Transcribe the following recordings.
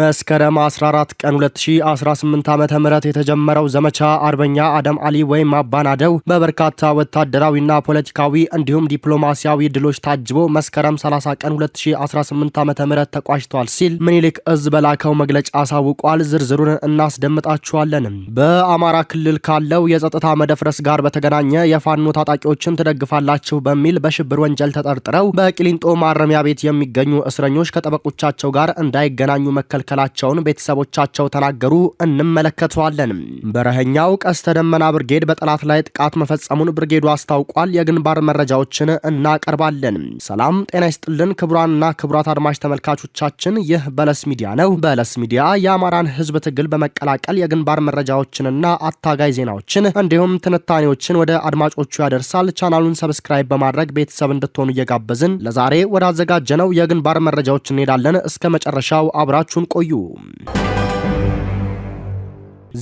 መስከረም 14 ቀን 2018 ዓ ም የተጀመረው ዘመቻ አርበኛ አደም አሊ ወይም አባናደው በበርካታ ወታደራዊና ፖለቲካዊ እንዲሁም ዲፕሎማሲያዊ ድሎች ታጅቦ መስከረም 30 ቀን 2018 ዓ ም ተቋጭቷል ሲል ምኒልክ እዝ በላከው መግለጫ አሳውቋል። ዝርዝሩን እናስደምጣችኋለን። በአማራ ክልል ካለው የጸጥታ መደፍረስ ጋር በተገናኘ የፋኖ ታጣቂዎችን ትደግፋላችሁ በሚል በሽብር ወንጀል ተጠርጥረው በቅሊንጦ ማረሚያ ቤት የሚገኙ እስረኞች ከጠበቆቻቸው ጋር እንዳይገናኙ መከልከል መከልከላቸውን ቤተሰቦቻቸው ተናገሩ። እንመለከተዋለን። በረሀኛው ቀስተ ደመና ብርጌድ በጠላት ላይ ጥቃት መፈጸሙን ብርጌዱ አስታውቋል። የግንባር መረጃዎችን እናቀርባለን። ሰላም ጤና ይስጥልን ክቡራንና ክቡራት አድማጭ ተመልካቾቻችን፣ ይህ በለስ ሚዲያ ነው። በለስ ሚዲያ የአማራን ህዝብ ትግል በመቀላቀል የግንባር መረጃዎችንና አታጋይ ዜናዎችን እንዲሁም ትንታኔዎችን ወደ አድማጮቹ ያደርሳል። ቻናሉን ሰብስክራይብ በማድረግ ቤተሰብ እንድትሆኑ እየጋበዝን ለዛሬ ወዳዘጋጀነው የግንባር መረጃዎች እንሄዳለን። እስከ መጨረሻው አብራችሁን 哦呦。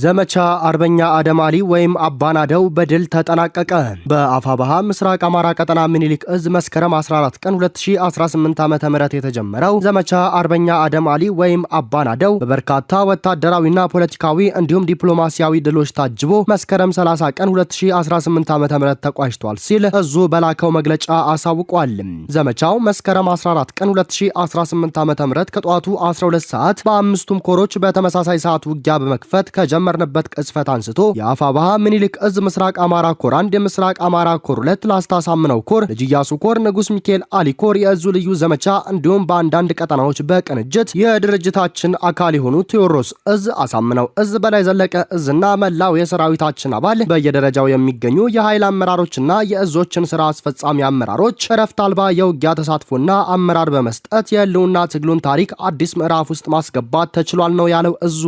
ዘመቻ አርበኛ አደም አሊ ወይም አባናደው በድል ተጠናቀቀ። በአፋባሃ ምስራቅ አማራ ቀጠና ምኒልክ እዝ መስከረም 14 ቀን 2018 ዓ ም የተጀመረው ዘመቻ አርበኛ አደም አሊ ወይም አባናደው በበርካታ ወታደራዊና ፖለቲካዊ እንዲሁም ዲፕሎማሲያዊ ድሎች ታጅቦ መስከረም 30 ቀን 2018 ዓ ም ተቋጭቷል ሲል እዙ በላከው መግለጫ አሳውቋል። ዘመቻው መስከረም 14 ቀን 2018 ዓ ም ከጠዋቱ 12 ሰዓት በአምስቱም ኮሮች በተመሳሳይ ሰዓት ውጊያ በመክፈት ከጀ ከጀመርንበት ቅጽፈት አንስቶ የአፋባሃ ምኒልክ እዝ ምስራቅ አማራ ኮር አንድ የምስራቅ አማራ ኮር ሁለት ላስታ ሳምነው ኮር ልጅ ኢያሱ ኮር ንጉስ ሚካኤል አሊ ኮር የእዙ ልዩ ዘመቻ እንዲሁም በአንዳንድ ቀጠናዎች በቅንጅት የድርጅታችን አካል የሆኑ ቴዎድሮስ እዝ አሳምነው እዝ በላይ ዘለቀ እዝና መላው የሰራዊታችን አባል በየደረጃው የሚገኙ የኃይል አመራሮችና የእዞችን ስራ አስፈጻሚ አመራሮች እረፍት አልባ የውጊያ ተሳትፎና አመራር በመስጠት የህልውና ትግሉን ታሪክ አዲስ ምዕራፍ ውስጥ ማስገባት ተችሏል ነው ያለው እዙ።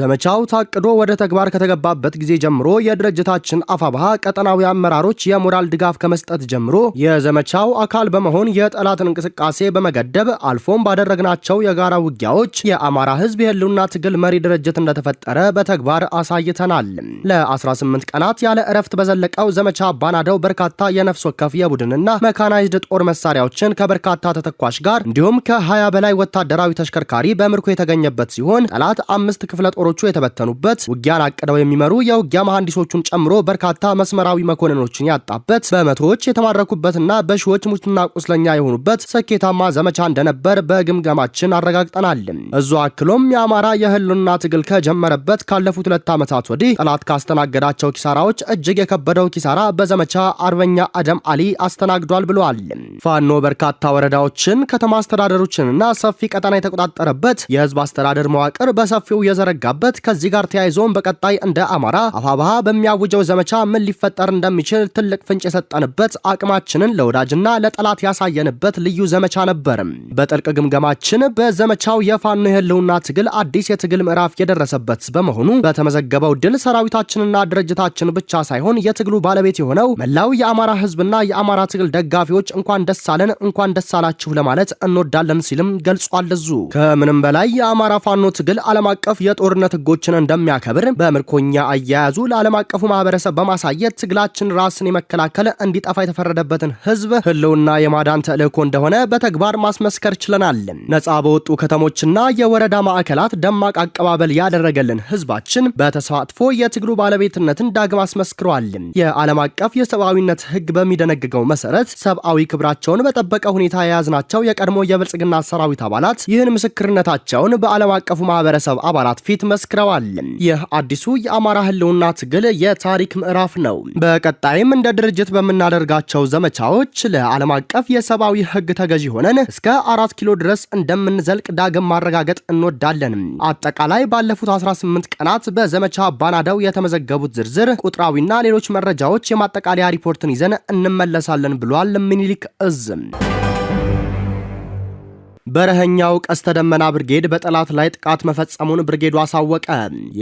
ዘመቻው ታቅዶ ወደ ተግባር ከተገባበት ጊዜ ጀምሮ የድርጅታችን አፋብሃ ቀጠናዊ አመራሮች የሞራል ድጋፍ ከመስጠት ጀምሮ የዘመቻው አካል በመሆን የጠላትን እንቅስቃሴ በመገደብ አልፎም ባደረግናቸው የጋራ ውጊያዎች የአማራ ህዝብ የህልውና ትግል መሪ ድርጅት እንደተፈጠረ በተግባር አሳይተናል። ለ18 ቀናት ያለ እረፍት በዘለቀው ዘመቻ አባናደው በርካታ የነፍስ ወከፍ የቡድንና መካናይዝድ ጦር መሳሪያዎችን ከበርካታ ተተኳሽ ጋር እንዲሁም ከ20 በላይ ወታደራዊ ተሽከርካሪ በምርኮ የተገኘበት ሲሆን ጠላት አምስት ክፍለ ጦሮቹ የተበተኑበት ውጊያ አቅደው የሚመሩ የውጊያ መሐንዲሶቹን ጨምሮ በርካታ መስመራዊ መኮንኖችን ያጣበት በመቶዎች የተማረኩበትና በሺዎች ሙትና ቁስለኛ የሆኑበት ስኬታማ ዘመቻ እንደነበር በግምገማችን አረጋግጠናል። እዙ አክሎም የአማራ የህልውና ትግል ከጀመረበት ካለፉት ሁለት ዓመታት ወዲህ ጠላት ካስተናገዳቸው ኪሳራዎች እጅግ የከበደው ኪሳራ በዘመቻ አርበኛ አደም አሊ አስተናግዷል ብለዋል። ፋኖ በርካታ ወረዳዎችን፣ ከተማ አስተዳደሮችንና ሰፊ ቀጠና የተቆጣጠረበት የህዝብ አስተዳደር መዋቅር በሰፊው የዘረጋበት ከዚህ ጋር ተያይዞ ዞን በቀጣይ እንደ አማራ አፋብሃ በሚያውጀው ዘመቻ ምን ሊፈጠር እንደሚችል ትልቅ ፍንጭ የሰጠንበት አቅማችንን ለወዳጅና ለጠላት ያሳየንበት ልዩ ዘመቻ ነበርም። በጥልቅ ግምገማችን በዘመቻው የፋኖ የህልውና ትግል አዲስ የትግል ምዕራፍ የደረሰበት በመሆኑ በተመዘገበው ድል ሰራዊታችንና ድርጅታችን ብቻ ሳይሆን የትግሉ ባለቤት የሆነው መላው የአማራ ህዝብና የአማራ ትግል ደጋፊዎች እንኳን ደስ አለን እንኳን ደስ አላችሁ ለማለት እንወዳለን ሲልም ገልጿል። እዙ ከምንም በላይ የአማራ ፋኖ ትግል ዓለም አቀፍ የጦርነት ህጎችን እንደሚያ እንድናከብር በምርኮኛ አያያዙ ለዓለም አቀፉ ማህበረሰብ በማሳየት ትግላችን ራስን የመከላከል እንዲጠፋ የተፈረደበትን ህዝብ ህልውና የማዳን ተልእኮ እንደሆነ በተግባር ማስመስከር ችለናል። ነጻ በወጡ ከተሞችና የወረዳ ማዕከላት ደማቅ አቀባበል ያደረገልን ህዝባችን በተሳትፎ የትግሉ ባለቤትነትን ዳግም አስመስክሯል። የዓለም አቀፍ የሰብአዊነት ህግ በሚደነግገው መሰረት ሰብአዊ ክብራቸውን በጠበቀ ሁኔታ የያዝናቸው የቀድሞ የብልጽግና ሰራዊት አባላት ይህን ምስክርነታቸውን በዓለም አቀፉ ማህበረሰብ አባላት ፊት መስክረዋል። ይህ አዲሱ የአማራ ህልውና ትግል የታሪክ ምዕራፍ ነው። በቀጣይም እንደ ድርጅት በምናደርጋቸው ዘመቻዎች ለዓለም አቀፍ የሰብአዊ ህግ ተገዢ ሆነን እስከ አራት ኪሎ ድረስ እንደምንዘልቅ ዳግም ማረጋገጥ እንወዳለን። አጠቃላይ ባለፉት 18 ቀናት በዘመቻ ባናደው የተመዘገቡት ዝርዝር ቁጥራዊና ሌሎች መረጃዎች የማጠቃለያ ሪፖርትን ይዘን እንመለሳለን ብሏል ምኒልክ እዝም። በረኸኛው ቀስተ ደመና ብርጌድ በጠላት ላይ ጥቃት መፈጸሙን ብርጌዱ አሳወቀ።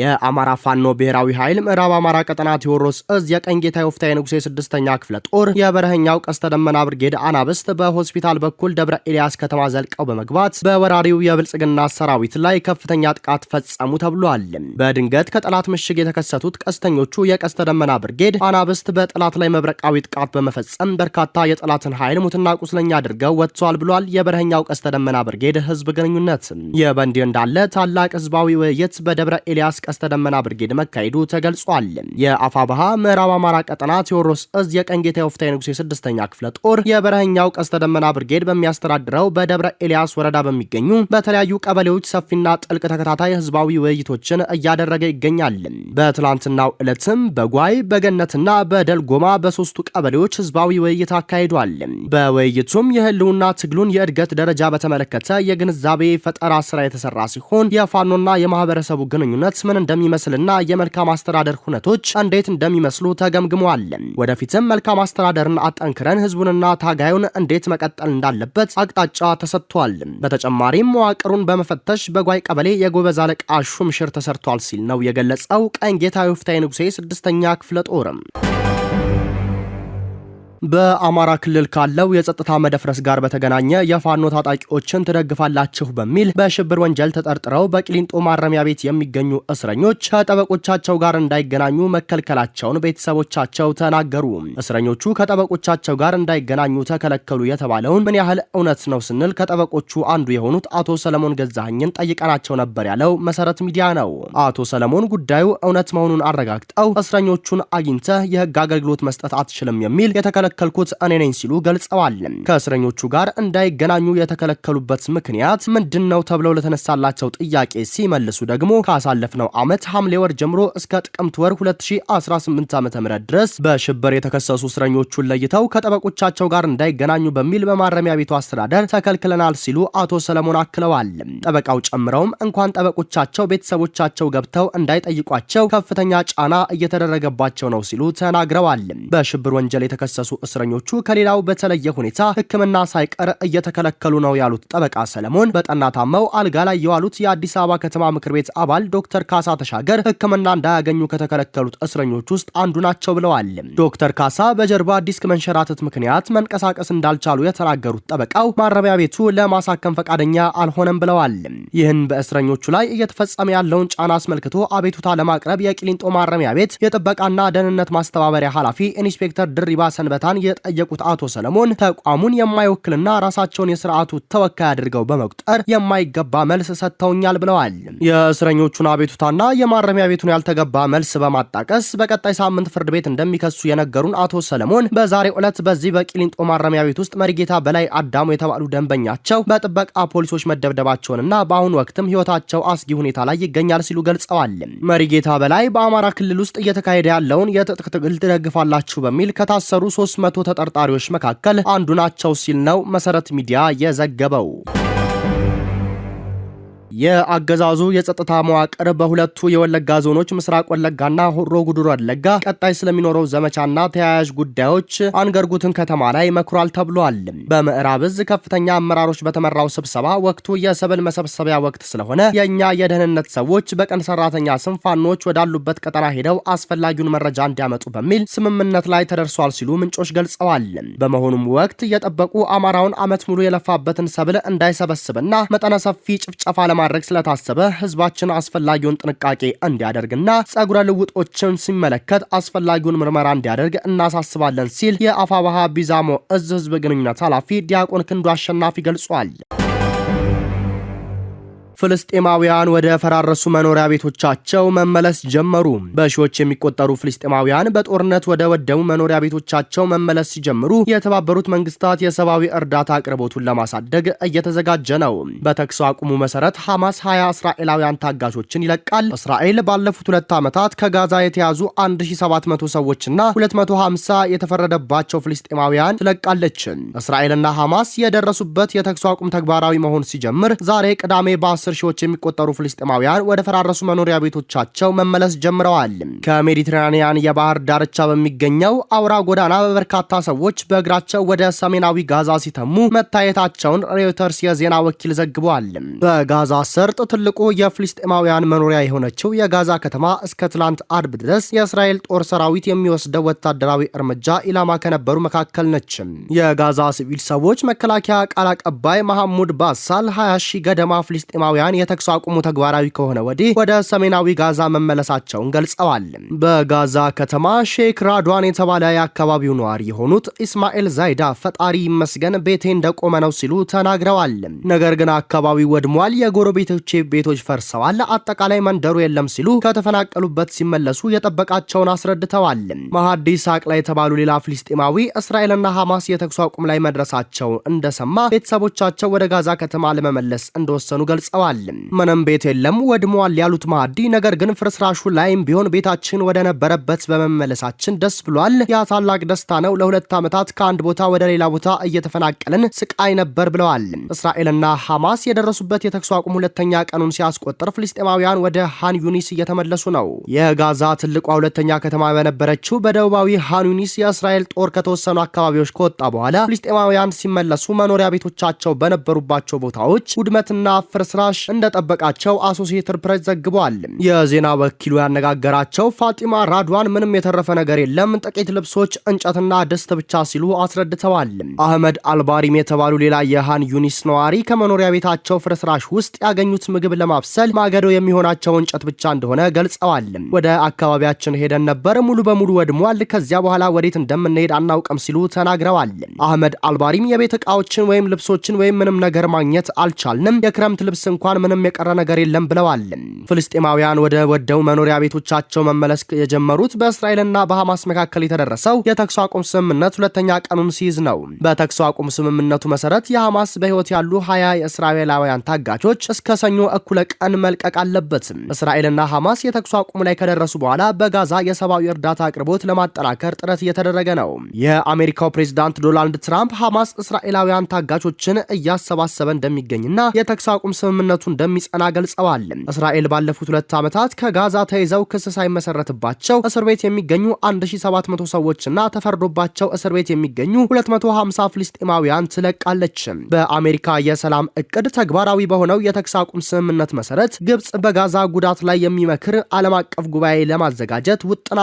የአማራ ፋኖ ብሔራዊ ኃይል ምዕራብ አማራ ቀጠና ቴዎድሮስ እዝ የቀኝ ጌታ ወፍታዬ ንጉሴ ስድስተኛ ክፍለ ጦር የበረኸኛው ቀስተ ደመና ብርጌድ አናብስት በሆስፒታል በኩል ደብረ ኤልያስ ከተማ ዘልቀው በመግባት በወራሪው የብልጽግና ሰራዊት ላይ ከፍተኛ ጥቃት ፈጸሙ ተብሏል። በድንገት ከጠላት ምሽግ የተከሰቱት ቀስተኞቹ የቀስተ ደመና ብርጌድ አናብስት በጠላት ላይ መብረቃዊ ጥቃት በመፈጸም በርካታ የጠላትን ኃይል ሙትና ቁስለኛ አድርገው ወጥቷል ብሏል። የበረኛው ቀስተ ደመና የደመና ብርጌድ ህዝብ ግንኙነት። ይህ በእንዲህ እንዳለ ታላቅ ህዝባዊ ውይይት በደብረ ኤልያስ ቀስተ ደመና ብርጌድ መካሄዱ ተገልጿል። የአፋብሃ ምዕራብ አማራ ቀጠና ቴዎድሮስ እዝ የቀንጌታ ወፍታ ንጉሴ ስድስተኛ ክፍለ ጦር የበረሃኛው ቀስተ ደመና ብርጌድ በሚያስተዳድረው በደብረ ኤልያስ ወረዳ በሚገኙ በተለያዩ ቀበሌዎች ሰፊና ጥልቅ ተከታታይ ህዝባዊ ውይይቶችን እያደረገ ይገኛል። በትላንትናው ዕለትም በጓይ በገነትና በደልጎማ በሶስቱ ቀበሌዎች ህዝባዊ ውይይት አካሂዷል። በውይይቱም የህልውና ትግሉን የእድገት ደረጃ በተመ በተመለከተ የግንዛቤ ፈጠራ ስራ የተሰራ ሲሆን የፋኖና የማህበረሰቡ ግንኙነት ምን እንደሚመስልና የመልካም አስተዳደር ሁነቶች እንዴት እንደሚመስሉ ተገምግመዋል። ወደፊትም መልካም አስተዳደርን አጠንክረን ህዝቡንና ታጋዩን እንዴት መቀጠል እንዳለበት አቅጣጫ ተሰጥቷል። በተጨማሪም መዋቅሩን በመፈተሽ በጓይ ቀበሌ የጎበዝ አለቃ ሹምሽር ተሰርቷል ሲል ነው የገለጸው። ቀኝ ጌታ ወፍታይ ንጉሴ ስድስተኛ ክፍለ ጦርም በአማራ ክልል ካለው የጸጥታ መደፍረስ ጋር በተገናኘ የፋኖ ታጣቂዎችን ትደግፋላችሁ በሚል በሽብር ወንጀል ተጠርጥረው በቅሊንጦ ማረሚያ ቤት የሚገኙ እስረኞች ከጠበቆቻቸው ጋር እንዳይገናኙ መከልከላቸውን ቤተሰቦቻቸው ተናገሩ። እስረኞቹ ከጠበቆቻቸው ጋር እንዳይገናኙ ተከለከሉ የተባለውን ምን ያህል እውነት ነው ስንል ከጠበቆቹ አንዱ የሆኑት አቶ ሰለሞን ገዛኸኝን ጠይቀናቸው ነበር ያለው መሰረት ሚዲያ ነው። አቶ ሰለሞን ጉዳዩ እውነት መሆኑን አረጋግጠው እስረኞቹን አግኝተህ የህግ አገልግሎት መስጠት አትችልም የሚል የተከለ የተከለከልኩት እኔ ነኝ ሲሉ ገልጸዋል። ከእስረኞቹ ጋር እንዳይገናኙ የተከለከሉበት ምክንያት ምንድን ነው ተብለው ለተነሳላቸው ጥያቄ ሲመልሱ ደግሞ ካሳለፍነው ዓመት ሐምሌ ወር ጀምሮ እስከ ጥቅምት ወር 2018 ዓ ም ድረስ በሽብር የተከሰሱ እስረኞቹን ለይተው ከጠበቆቻቸው ጋር እንዳይገናኙ በሚል በማረሚያ ቤቱ አስተዳደር ተከልክለናል ሲሉ አቶ ሰለሞን አክለዋል። ጠበቃው ጨምረውም እንኳን ጠበቆቻቸው ቤተሰቦቻቸው ገብተው እንዳይጠይቋቸው ከፍተኛ ጫና እየተደረገባቸው ነው ሲሉ ተናግረዋል። በሽብር ወንጀል የተከሰሱ እስረኞቹ ከሌላው በተለየ ሁኔታ ሕክምና ሳይቀር እየተከለከሉ ነው ያሉት ጠበቃ ሰለሞን በጠና ታመው አልጋ ላይ የዋሉት የአዲስ አበባ ከተማ ምክር ቤት አባል ዶክተር ካሳ ተሻገር ሕክምና እንዳያገኙ ከተከለከሉት እስረኞች ውስጥ አንዱ ናቸው ብለዋል። ዶክተር ካሳ በጀርባ ዲስክ መንሸራተት ምክንያት መንቀሳቀስ እንዳልቻሉ የተናገሩት ጠበቃው ማረሚያ ቤቱ ለማሳከም ፈቃደኛ አልሆነም ብለዋል። ይህን በእስረኞቹ ላይ እየተፈጸመ ያለውን ጫና አስመልክቶ አቤቱታ ለማቅረብ የቂሊንጦ ማረሚያ ቤት የጥበቃና ደህንነት ማስተባበሪያ ኃላፊ ኢንስፔክተር ድሪባ ሰንበታ ይቅርታን የጠየቁት አቶ ሰለሞን ተቋሙን የማይወክልና ራሳቸውን የስርዓቱ ተወካይ አድርገው በመቁጠር የማይገባ መልስ ሰጥተውኛል ብለዋል። የእስረኞቹን አቤቱታና የማረሚያ ቤቱን ያልተገባ መልስ በማጣቀስ በቀጣይ ሳምንት ፍርድ ቤት እንደሚከሱ የነገሩን አቶ ሰለሞን በዛሬ ዕለት በዚህ በቂሊንጦ ማረሚያ ቤት ውስጥ መሪጌታ በላይ አዳሙ የተባሉ ደንበኛቸው በጥበቃ ፖሊሶች መደብደባቸውንና በአሁኑ ወቅትም ህይወታቸው አስጊ ሁኔታ ላይ ይገኛል ሲሉ ገልጸዋል። መሪጌታ በላይ በአማራ ክልል ውስጥ እየተካሄደ ያለውን የትጥቅ ትግል ትደግፋላችሁ በሚል ከታሰሩ ሶስት ከ ተጠርጣሪዎች መካከል አንዱ ናቸው ሲል ነው መሰረት ሚዲያ የዘገበው። የአገዛዙ የጸጥታ መዋቅር በሁለቱ የወለጋ ዞኖች ምስራቅ ወለጋና ሆሮ ጉዱሩ ወለጋ ቀጣይ ስለሚኖረው ዘመቻና ተያያዥ ጉዳዮች አንገርጉትን ከተማ ላይ መክሯል ተብሏል። በምዕራብ እዝ ከፍተኛ አመራሮች በተመራው ስብሰባ ወቅቱ የሰብል መሰብሰቢያ ወቅት ስለሆነ የእኛ የደህንነት ሰዎች በቀን ሰራተኛ ስም ፋኖች ወዳሉበት ቀጠና ሄደው አስፈላጊውን መረጃ እንዲያመጡ በሚል ስምምነት ላይ ተደርሷል ሲሉ ምንጮች ገልጸዋል። በመሆኑም ወቅት እየጠበቁ አማራውን አመት ሙሉ የለፋበትን ሰብል እንዳይሰበስብና መጠነ ሰፊ ጭፍጨፋ ለማድረግ ስለታሰበ ህዝባችን አስፈላጊውን ጥንቃቄ እንዲያደርግና ጸጉረ ልውጦችን ሲመለከት አስፈላጊውን ምርመራ እንዲያደርግ እናሳስባለን ሲል የአፋባሃ ቢዛሞ እዝ ህዝብ ግንኙነት ኃላፊ ዲያቆን ክንዱ አሸናፊ ገልጿል። ፍልስጤማውያን ወደ ፈራረሱ መኖሪያ ቤቶቻቸው መመለስ ጀመሩ። በሺዎች የሚቆጠሩ ፍልስጤማውያን በጦርነት ወደ ወደሙ መኖሪያ ቤቶቻቸው መመለስ ሲጀምሩ የተባበሩት መንግስታት የሰብአዊ እርዳታ አቅርቦቱን ለማሳደግ እየተዘጋጀ ነው። በተኩስ አቁሙ መሰረት ሐማስ 20 እስራኤላውያን ታጋቾችን ይለቃል። እስራኤል ባለፉት ሁለት ዓመታት ከጋዛ የተያዙ 1700 ሰዎችና 250 የተፈረደባቸው ፍልስጤማውያን ትለቃለች። እስራኤልና ሐማስ የደረሱበት የተኩስ አቁም ተግባራዊ መሆን ሲጀምር ዛሬ ቅዳሜ በ በአስር ሺዎች የሚቆጠሩ ፍልስጤማውያን ወደ ፈራረሱ መኖሪያ ቤቶቻቸው መመለስ ጀምረዋል። ከሜዲትራኒያን የባህር ዳርቻ በሚገኘው አውራ ጎዳና በበርካታ ሰዎች በእግራቸው ወደ ሰሜናዊ ጋዛ ሲተሙ መታየታቸውን ሬውተርስ የዜና ወኪል ዘግቧል። በጋዛ ሰርጥ ትልቁ የፍልስጤማውያን መኖሪያ የሆነችው የጋዛ ከተማ እስከ ትላንት አርብ ድረስ የእስራኤል ጦር ሰራዊት የሚወስደው ወታደራዊ እርምጃ ኢላማ ከነበሩ መካከል ነች። የጋዛ ሲቪል ሰዎች መከላከያ ቃል አቀባይ መሐሙድ ባሳል 20 ሺህ ገደማ ፍልስጤማውያን እስራኤላውያን የተኩስ አቁሙ ተግባራዊ ከሆነ ወዲህ ወደ ሰሜናዊ ጋዛ መመለሳቸውን ገልጸዋል። በጋዛ ከተማ ሼክ ራድዋን የተባለ የአካባቢው ነዋሪ የሆኑት ኢስማኤል ዛይዳ ፈጣሪ ይመስገን ቤቴ እንደቆመ ነው ሲሉ ተናግረዋል። ነገር ግን አካባቢው ወድሟል፣ የጎረቤቶቼ ቤቶች ፈርሰዋል፣ አጠቃላይ መንደሩ የለም ሲሉ ከተፈናቀሉበት ሲመለሱ የጠበቃቸውን አስረድተዋል። ማሃዲ ሳቅላ የተባሉ ሌላ ፍልስጤማዊ እስራኤልና ሐማስ የተኩስ አቁም ላይ መድረሳቸው እንደሰማ ቤተሰቦቻቸው ወደ ጋዛ ከተማ ለመመለስ እንደወሰኑ ገልጸዋል። ተገኝተዋል። ምንም ቤት የለም ወድሟል ያሉት ማዕዲ ነገር ግን ፍርስራሹ ላይም ቢሆን ቤታችን ወደ ነበረበት በመመለሳችን ደስ ብሏል። ያ ታላቅ ደስታ ነው። ለሁለት ዓመታት ከአንድ ቦታ ወደ ሌላ ቦታ እየተፈናቀልን ስቃይ ነበር ብለዋል። እስራኤልና ሐማስ የደረሱበት የተኩስ አቁም ሁለተኛ ቀኑን ሲያስቆጥር ፍልስጤማውያን ወደ ሃን ዩኒስ እየተመለሱ ነው። የጋዛ ትልቋ ሁለተኛ ከተማ በነበረችው በደቡባዊ ሃን ዩኒስ የእስራኤል ጦር ከተወሰኑ አካባቢዎች ከወጣ በኋላ ፍልስጤማውያን ሲመለሱ መኖሪያ ቤቶቻቸው በነበሩባቸው ቦታዎች ውድመትና ፍርስራሽ ምላሽ እንደጠበቃቸው አሶሲየትድ ፕሬስ ዘግቧል። የዜና ወኪሉ ያነጋገራቸው ፋጢማ ራድዋን ምንም የተረፈ ነገር የለም፣ ጥቂት ልብሶች፣ እንጨትና ድስት ብቻ ሲሉ አስረድተዋል። አህመድ አልባሪም የተባሉ ሌላ የሃን ዩኒስ ነዋሪ ከመኖሪያ ቤታቸው ፍርስራሽ ውስጥ ያገኙት ምግብ ለማብሰል ማገዶ የሚሆናቸው እንጨት ብቻ እንደሆነ ገልጸዋል። ወደ አካባቢያችን ሄደን ነበር፣ ሙሉ በሙሉ ወድሟል። ከዚያ በኋላ ወዴት እንደምንሄድ አናውቅም ሲሉ ተናግረዋል። አህመድ አልባሪም የቤት እቃዎችን ወይም ልብሶችን ወይም ምንም ነገር ማግኘት አልቻልንም። የክረምት ልብስ እንኳን ምንም የቀረ ነገር የለም ብለዋል። ፍልስጤማውያን ወደ ወደው መኖሪያ ቤቶቻቸው መመለስ የጀመሩት በእስራኤልና በሐማስ መካከል የተደረሰው የተኩስ አቁም ስምምነት ሁለተኛ ቀኑን ሲይዝ ነው። በተኩስ አቁም ስምምነቱ መሰረት የሐማስ በሕይወት ያሉ ሀያ የእስራኤላውያን ታጋቾች እስከ ሰኞ እኩለ ቀን መልቀቅ አለበት። እስራኤልና ሐማስ የተኩስ አቁም ላይ ከደረሱ በኋላ በጋዛ የሰብአዊ እርዳታ አቅርቦት ለማጠናከር ጥረት እየተደረገ ነው። የአሜሪካው ፕሬዚዳንት ዶናልድ ትራምፕ ሐማስ እስራኤላውያን ታጋቾችን እያሰባሰበ እንደሚገኝና የተኩስ አቁም ስምምነት ጦርነቱ እንደሚጸና ገልጸዋል። እስራኤል ባለፉት ሁለት ዓመታት ከጋዛ ተይዘው ክስ ሳይመሰረትባቸው እስር ቤት የሚገኙ 1700 ሰዎችና ተፈርዶባቸው እስር ቤት የሚገኙ 250 ፍልስጤማውያን ትለቃለች። በአሜሪካ የሰላም እቅድ ተግባራዊ በሆነው የተኩስ አቁም ስምምነት መሰረት ግብጽ በጋዛ ጉዳት ላይ የሚመክር ዓለም አቀፍ ጉባኤ ለማዘጋጀት ውጥን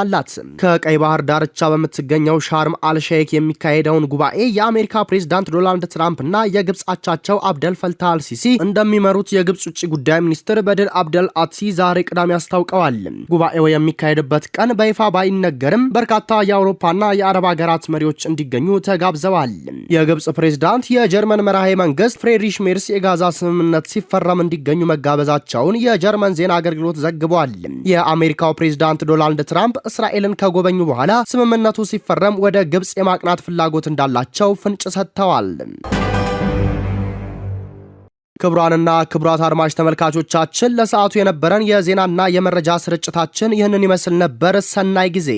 ከቀይ ባህር ዳርቻ በምትገኘው ሻርም አልሼክ የሚካሄደውን ጉባኤ የአሜሪካ ፕሬዝዳንት ዶናልድ ትራምፕ እና የግብጻቻቸው አብደል ፈልታ አልሲሲ እንደሚመሩት የግብጽ ውጭ ጉዳይ ሚኒስትር በድር አብደል አትሲ ዛሬ ቅዳሜ አስታውቀዋል። ጉባኤው የሚካሄድበት ቀን በይፋ ባይነገርም በርካታ የአውሮፓና የአረብ ሀገራት መሪዎች እንዲገኙ ተጋብዘዋል። የግብፅ ፕሬዝዳንት የጀርመን መራሄ መንግስት ፍሬድሪሽ ሜርስ የጋዛ ስምምነት ሲፈረም እንዲገኙ መጋበዛቸውን የጀርመን ዜና አገልግሎት ዘግቧል። የአሜሪካው ፕሬዝዳንት ዶናልድ ትራምፕ እስራኤልን ከጎበኙ በኋላ ስምምነቱ ሲፈረም ወደ ግብጽ የማቅናት ፍላጎት እንዳላቸው ፍንጭ ሰጥተዋል። ክቡራንና ክቡራት አድማጭ ተመልካቾቻችን ለሰዓቱ የነበረን የዜናና የመረጃ ስርጭታችን ይህንን ይመስል ነበር። ሰናይ ጊዜ